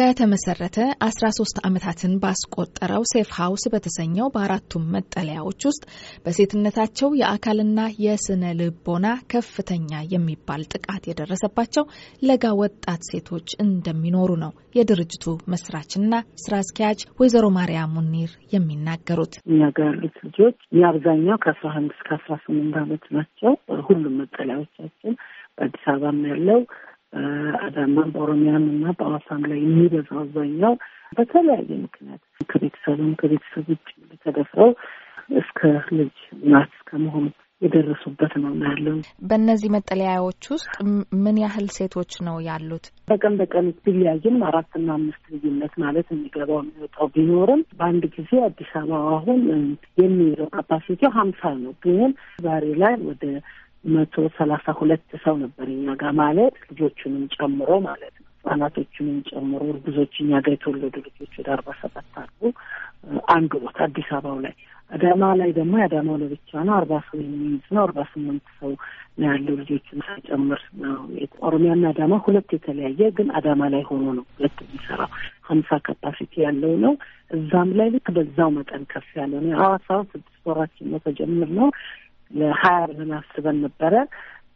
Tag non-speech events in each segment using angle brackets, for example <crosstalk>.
ከተመሰረተ 13 ዓመታትን ባስቆጠረው ሴፍ ሀውስ በተሰኘው በአራቱም መጠለያዎች ውስጥ በሴትነታቸው የአካልና የስነ ልቦና ከፍተኛ የሚባል ጥቃት የደረሰባቸው ለጋ ወጣት ሴቶች እንደሚኖሩ ነው የድርጅቱ መስራችና ስራ አስኪያጅ ወይዘሮ ማርያም ሙኒር የሚናገሩት። እኛ ጋር ያሉት ልጆች የአብዛኛው ከአስራ አንድ እስከ አስራ ስምንት ዓመት ናቸው። ሁሉም መጠለያዎቻችን በአዲስ አበባም ያለው በአዳማም በኦሮሚያም እና በአዋሳም ላይ የሚበዛው አብዛኛው በተለያየ ምክንያት ከቤተሰብም ከቤተሰብ ውጭ ተደፍረው እስከ ልጅ ናት እስከ መሆኑ የደረሱበት ነው ያለው። በእነዚህ መጠለያዎች ውስጥ ምን ያህል ሴቶች ነው ያሉት? በቀን በቀን ቢለያይም አራትና አምስት ልዩነት ማለት የሚገባው የሚወጣው ቢኖርም በአንድ ጊዜ አዲስ አበባ አሁን የሚይዘው ካፓሲቲው ሀምሳ ነው። ግን ዛሬ ላይ ወደ መቶ ሰላሳ ሁለት ሰው ነበር እኛ ጋር ማለት ልጆቹንም ጨምሮ ማለት ነው። ህጻናቶቹንም ጨምሮ እርጉዞች እኛ ጋር የተወለዱ ልጆች ወደ አርባ ሰባት አሉ። አንድ ቦታ አዲስ አበባው ላይ አዳማ ላይ ደግሞ የአዳማው ለብቻ ነው አርባ ሰው የሚይዝ ነው። አርባ ስምንት ሰው ነው ያለው ልጆችን ሳይጨምር ነው። ኦሮሚያና አዳማ ሁለት የተለያየ ግን አዳማ ላይ ሆኖ ነው ሁለት የሚሰራው ሀምሳ ካፓሲቲ ያለው ነው። እዛም ላይ ልክ በዛው መጠን ከፍ ያለ ነው። የሀዋሳው ስድስት ወራችን ነው ተጀምር ነው ለሀያ ብለን አስበን ነበረ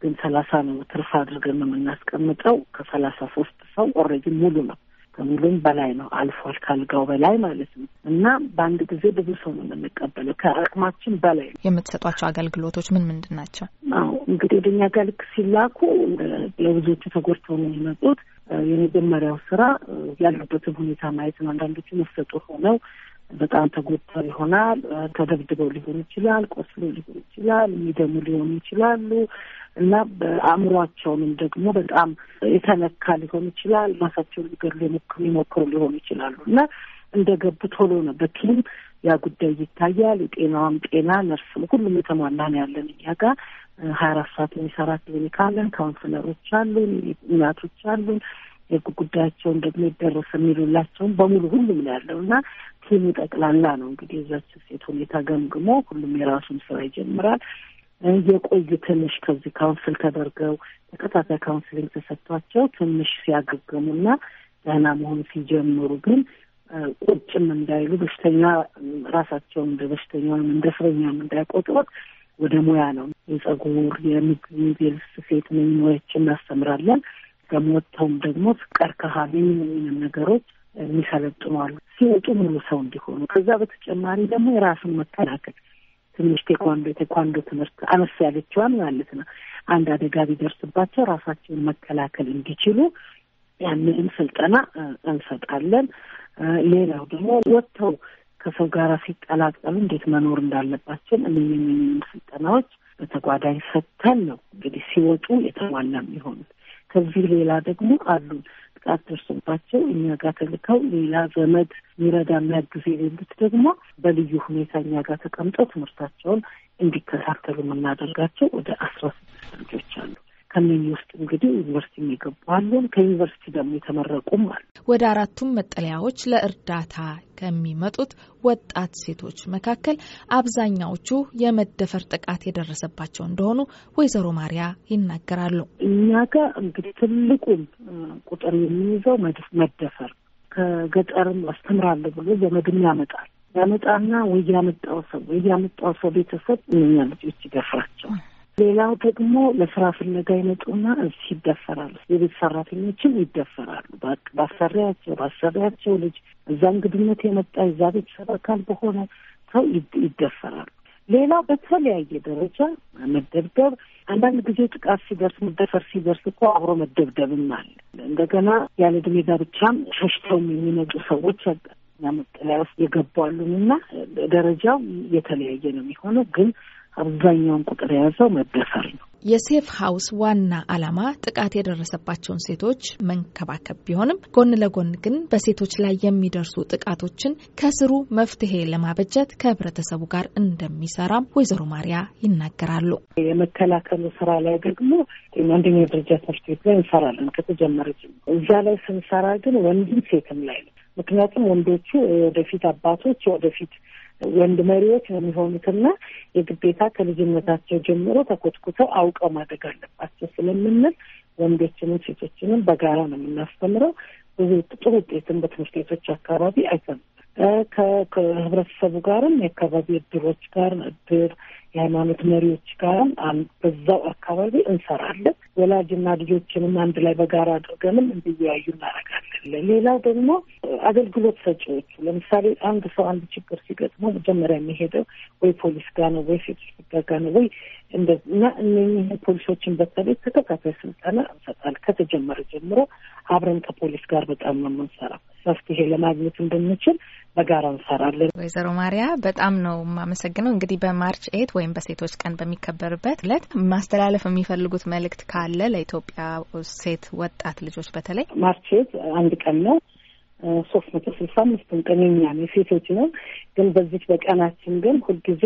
ግን ሰላሳ ነው ትርፍ አድርገን ነው የምናስቀምጠው። ከሰላሳ ሶስት ሰው ኦልሬዲ ሙሉ ነው ከሙሉም በላይ ነው አልፏል፣ ካልጋው በላይ ማለት ነው። እና በአንድ ጊዜ ብዙ ሰው ነው የምንቀበለው፣ ከአቅማችን በላይ ነው። የምትሰጧቸው አገልግሎቶች ምን ምንድን ናቸው? አዎ እንግዲህ ወደኛ ጋር ልክ ሲላኩ ለብዙዎቹ ተጎድተው ነው የሚመጡት። የመጀመሪያው ስራ ያሉበትን ሁኔታ ማየት ነው። አንዳንዶቹ ነፍሰጡር ሆነው በጣም ተጎድተው ይሆናል። ተደብድበው ሊሆን ይችላል። ቆስሎ ሊሆን ይችላል። የሚደሙ ሊሆኑ ይችላሉ እና በአእምሯቸውንም ደግሞ በጣም የተነካ ሊሆን ይችላል። ራሳቸውን ሊገድሉ የሞክሩ ሊሆኑ ይችላሉ እና እንደ ገቡ ቶሎ ነው በኪም ያ ጉዳይ ይታያል። የጤናዋም ጤና ነርስም ሁሉም የተሟላ ነው ያለን እኛ ጋር ሀያ አራት ሰዓት የሚሰራ ክሊኒክ አለን። ካውንስለሮች አሉን፣ እናቶች አሉን። የህግ ጉዳያቸውን ደግሞ ይደረስ የሚሉላቸውን በሙሉ ሁሉም ነው ያለው እና ቲሙ ጠቅላላ ነው እንግዲህ እዛች ሴት ሁኔታ ገምግሞ ሁሉም የራሱን ስራ ይጀምራል። የቆዩ ትንሽ ከዚህ ካውንስል ተደርገው ተከታታይ ካውንስሊንግ ተሰጥቷቸው ትንሽ ሲያገገሙ ሲያገግሙና ደህና መሆን ሲጀምሩ ግን ቁጭም እንዳይሉ በሽተኛ ራሳቸውን እንደ ወይም እንደ እስረኛም እንዳይቆጥሩት ወደ ሙያ ነው የጸጉር የምግብ የስፌት ምኞች እናስተምራለን። ከሞተውም ደግሞ ቀርከሃ ነገሮች የሚሰለጥኗሉ። ሲወጡ ሙሉ ሰው እንዲሆኑ፣ ከዛ በተጨማሪ ደግሞ የራስን መከላከል ትንሽ ቴኳንዶ የቴኳንዶ ትምህርት አነስ ያለችዋን ማለት ነው። አንድ አደጋ ቢደርስባቸው ራሳቸውን መከላከል እንዲችሉ ያንንም ስልጠና እንሰጣለን። ሌላው ደግሞ ወጥተው ከሰው ጋር ሲቀላቀሉ እንዴት መኖር እንዳለባቸው እነኝም ስልጠናዎች በተጓዳኝ ሰጥተን ነው እንግዲህ ሲወጡ የተሟላ የሚሆኑት። ከዚህ ሌላ ደግሞ አሉን ጥቃት ደርሶባቸው እኛ ጋር ተልከው ሌላ ዘመድ ሚረዳ የሚያግዝ የሌሉት ደግሞ በልዩ ሁኔታ እኛ ጋር ተቀምጠው ትምህርታቸውን እንዲከታተሉ የምናደርጋቸው ወደ አስራ ስድስት ልጆች አሉ። ከነኚህ ውስጥ እንግዲህ ዩኒቨርሲቲ የሚገቡ አሉን፣ ከዩኒቨርሲቲ ደግሞ የተመረቁም አሉ። ወደ አራቱም መጠለያዎች ለእርዳታ ከሚመጡት ወጣት ሴቶች መካከል አብዛኛዎቹ የመደፈር ጥቃት የደረሰባቸው እንደሆኑ ወይዘሮ ማሪያ ይናገራሉ። እኛ ጋር እንግዲህ ትልቁን ቁጥር የሚይዘው መደፈር ከገጠርም አስተምራለሁ ብሎ ዘመድም ያመጣል ያመጣና ወይ ያመጣው ሰው ወይ ያመጣው ሰው ቤተሰብ እነኛ ልጆች ይደፍራቸዋል። ሌላው ደግሞ ለስራ ፍለጋ ይመጡና እዚህ ይደፈራሉ። የቤት ሰራተኞችም ይደፈራሉ። ባሰሪያቸው ባሰሪያቸው ልጅ እዛ እንግድነት የመጣ እዛ ቤተሰብ አካል በሆነ ሰው ይደፈራሉ። ሌላው በተለያየ ደረጃ መደብደብ፣ አንዳንድ ጊዜ ጥቃት ሲደርስ መደፈር ሲደርስ እኮ አብሮ መደብደብም አለ። እንደገና ያለ ዕድሜ ጋብቻም ሸሽተውም የሚመጡ ሰዎች መጠለያ ውስጥ የገባሉም እና ደረጃው የተለያየ ነው የሚሆነው ግን አብዛኛውን ቁጥር የያዘው መደፈር ነው። የሴፍ ሀውስ ዋና ዓላማ ጥቃት የደረሰባቸውን ሴቶች መንከባከብ ቢሆንም ጎን ለጎን ግን በሴቶች ላይ የሚደርሱ ጥቃቶችን ከስሩ መፍትሄ ለማበጀት ከህብረተሰቡ ጋር እንደሚሰራም ወይዘሮ ማሪያ ይናገራሉ። የመከላከሉ ስራ ላይ ደግሞ አንደኛ ደረጃ ትምህርት ቤት ላይ እንሰራለን ከተጀመረ እዛ ላይ ስንሰራ ግን ወንድም ሴትም ላይ ነው ምክንያቱም ወንዶቹ ወደፊት አባቶች ወደፊት ወንድ መሪዎች ነው የሚሆኑትና የግዴታ ከልጅነታቸው ጀምሮ ተኮትኩተው አውቀው ማደግ አለባቸው ስለምንል ወንዶችንም ሴቶችንም በጋራ ነው የምናስተምረው። ብዙ ጥሩ ውጤትን በትምህርት ቤቶች አካባቢ አይተም ከህብረተሰቡ ጋርም የአካባቢ እድሮች ጋር እድር የሃይማኖት መሪዎች ጋርም በዛው አካባቢ እንሰራለን። ወላጅና ልጆችንም አንድ ላይ በጋራ አድርገንም እንዲወያዩ እናደርጋለን። ሌላው ደግሞ አገልግሎት ሰጪዎቹ ለምሳሌ አንድ ሰው አንድ ችግር ሲገጥሞ መጀመሪያ የሚሄደው ወይ ፖሊስ ጋር ነው ወይ ሴቶች ጉዳይ ጋር ነው ወይ እና እነህ ፖሊሶችን በተለይ ተከታታይ ስልጠና እንሰጣለን። ከተጀመረ ጀምሮ አብረን ከፖሊስ ጋር በጣም ነው የምንሰራው መፍትሄ ለማግኘት እንደምንችል በጋራ እንሰራለን። ወይዘሮ ማሪያ በጣም ነው የማመሰግነው። እንግዲህ በማርች ኤት ወይም በሴቶች ቀን በሚከበርበት እለት ማስተላለፍ የሚፈልጉት መልእክት ካለ ለኢትዮጵያ ሴት ወጣት ልጆች በተለይ ማርች ኤት አንድ ቀን ነው ሶስት መቶ ስልሳ አምስቱን ቀን የኛም የሴቶች ነው። ግን በዚች በቀናችን ግን ሁልጊዜ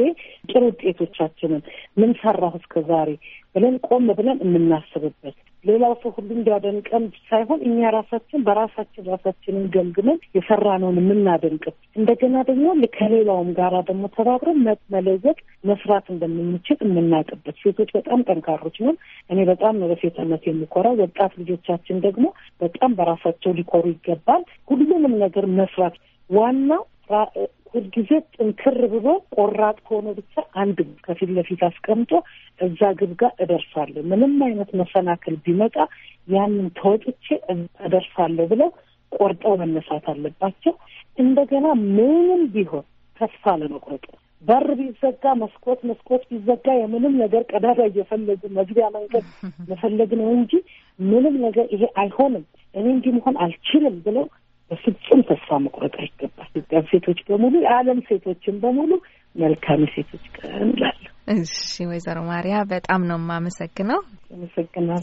ጥሩ ውጤቶቻችንን ምን ሰራሁ እስከ ዛሬ ብለን ቆም ብለን የምናስብበት ሌላው ሰው ሁሉ እንዲያደንቀን ሳይሆን እኛ ራሳችን በራሳችን ራሳችንን ገምግመን የሰራነውን የምናደንቅም እንደገና ደግሞ ከሌላውም ጋራ ደግሞ ተባብረን መለወጥ መስራት እንደምንችል የምናውቅበት ሴቶች በጣም ጠንካሮች ነን። እኔ በጣም በሴትነት የሚኮራ። ወጣት ልጆቻችን ደግሞ በጣም በራሳቸው ሊኮሩ ይገባል። ሁሉንም ነገር መስራት ዋናው ሁልጊዜ ጥንክር ብሎ ቆራጥ ከሆነ ብቻ አንድ ከፊት ለፊት አስቀምጦ እዛ ግብ ጋር እደርሳለሁ፣ ምንም አይነት መሰናክል ቢመጣ ያንን ተወጥቼ እደርሳለሁ ብለው ቆርጠው መነሳት አለባቸው። እንደገና ምንም ቢሆን ተስፋ ለመቁረጥ በር ቢዘጋ መስኮት መስኮት ቢዘጋ የምንም ነገር ቀዳዳ እየፈለጉ መግቢያ መንገድ <laughs> መፈለግ ነው እንጂ ምንም ነገር ይሄ አይሆንም፣ እኔ እንዲህ መሆን አልችልም ብለው በፍጹም ተስፋ መቁረጥ አይገባል። ኢትዮጵያን ሴቶች በሙሉ የዓለም ሴቶችን በሙሉ መልካም ሴቶች ቀን እላለሁ። እሺ፣ ወይዘሮ ማሪያ በጣም ነው የማመሰግነው። አመሰግናለሁ።